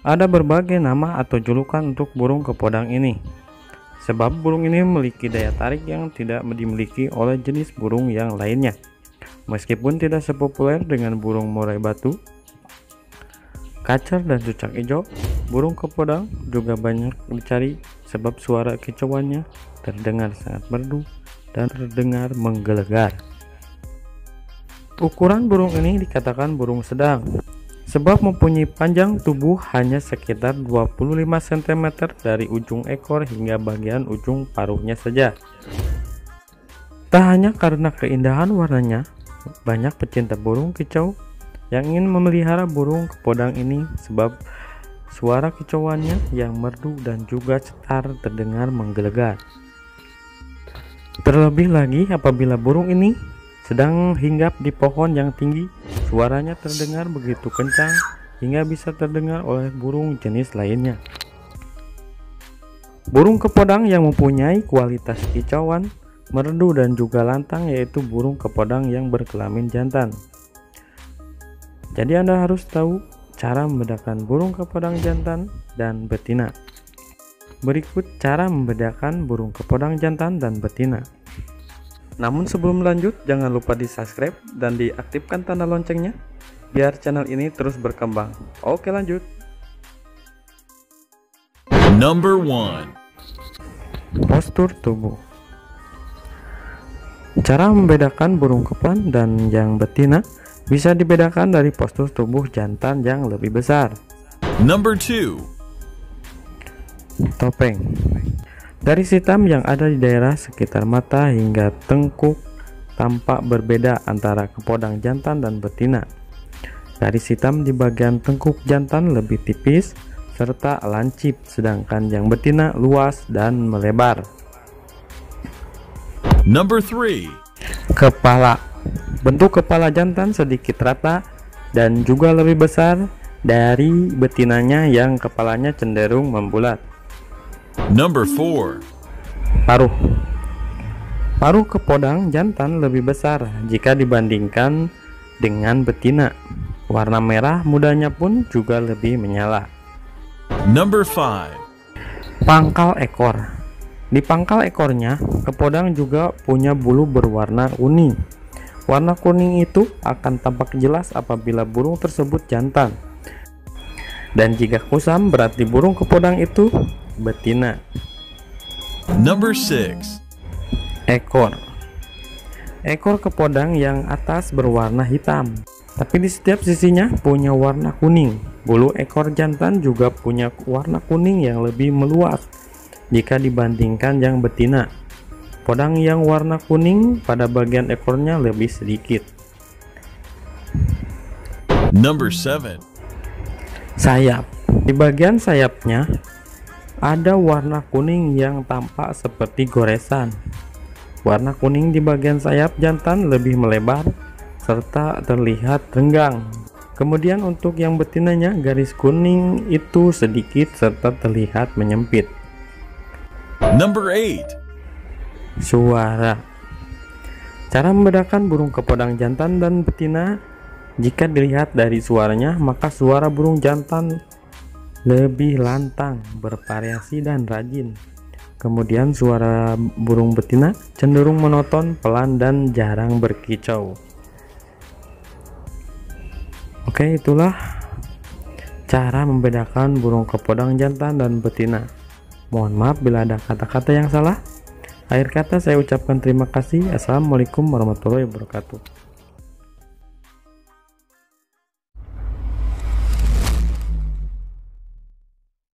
Ada berbagai nama atau julukan untuk burung kepodang ini. Sebab burung ini memiliki daya tarik yang tidak dimiliki oleh jenis burung yang lainnya. Meskipun tidak sepopuler dengan burung murai batu, kacer dan cucak hijau, burung kepodang juga banyak dicari sebab suara kicauannya terdengar sangat merdu dan terdengar menggelegar. Ukuran burung ini dikatakan burung sedang sebab mempunyai panjang tubuh hanya sekitar 25 cm dari ujung ekor hingga bagian ujung paruhnya saja. Tak hanya karena keindahan warnanya, banyak pecinta burung kicau yang ingin memelihara burung kepodang ini sebab suara kicauannya yang merdu dan juga cetar terdengar menggelegar. Terlebih lagi apabila burung ini sedang hinggap di pohon yang tinggi Suaranya terdengar begitu kencang hingga bisa terdengar oleh burung jenis lainnya. Burung kepodang yang mempunyai kualitas kicauan, merdu dan juga lantang yaitu burung kepodang yang berkelamin jantan. Jadi Anda harus tahu cara membedakan burung kepodang jantan dan betina. Berikut cara membedakan burung kepodang jantan dan betina. Namun sebelum lanjut, jangan lupa di subscribe dan diaktifkan tanda loncengnya, biar channel ini terus berkembang. Oke lanjut. Number one. Postur tubuh Cara membedakan burung kepan dan yang betina bisa dibedakan dari postur tubuh jantan yang lebih besar. Number two. Topeng dari hitam yang ada di daerah sekitar mata hingga tengkuk tampak berbeda antara kepodang jantan dan betina. Dari hitam di bagian tengkuk jantan lebih tipis serta lancip, sedangkan yang betina luas dan melebar. Number three. Kepala. Bentuk kepala jantan sedikit rata dan juga lebih besar dari betinanya yang kepalanya cenderung membulat. Number 4 Paruh Paruh kepodang jantan lebih besar jika dibandingkan dengan betina. Warna merah mudanya pun juga lebih menyala. Number 5 Pangkal ekor Di pangkal ekornya, kepodang juga punya bulu berwarna kuning. Warna kuning itu akan tampak jelas apabila burung tersebut jantan. Dan jika kusam berarti burung kepodang itu betina. Number six. Ekor. Ekor kepodang yang atas berwarna hitam, tapi di setiap sisinya punya warna kuning. Bulu ekor jantan juga punya warna kuning yang lebih meluas jika dibandingkan yang betina. Podang yang warna kuning pada bagian ekornya lebih sedikit. Number seven. Sayap. Di bagian sayapnya ada warna kuning yang tampak seperti goresan. Warna kuning di bagian sayap jantan lebih melebar serta terlihat renggang. Kemudian untuk yang betinanya garis kuning itu sedikit serta terlihat menyempit. Number 8. Suara. Cara membedakan burung kepodang jantan dan betina jika dilihat dari suaranya, maka suara burung jantan lebih lantang, bervariasi dan rajin. Kemudian suara burung betina cenderung monoton, pelan dan jarang berkicau. Oke, itulah cara membedakan burung kepodang jantan dan betina. Mohon maaf bila ada kata-kata yang salah. Akhir kata saya ucapkan terima kasih. Assalamualaikum warahmatullahi wabarakatuh.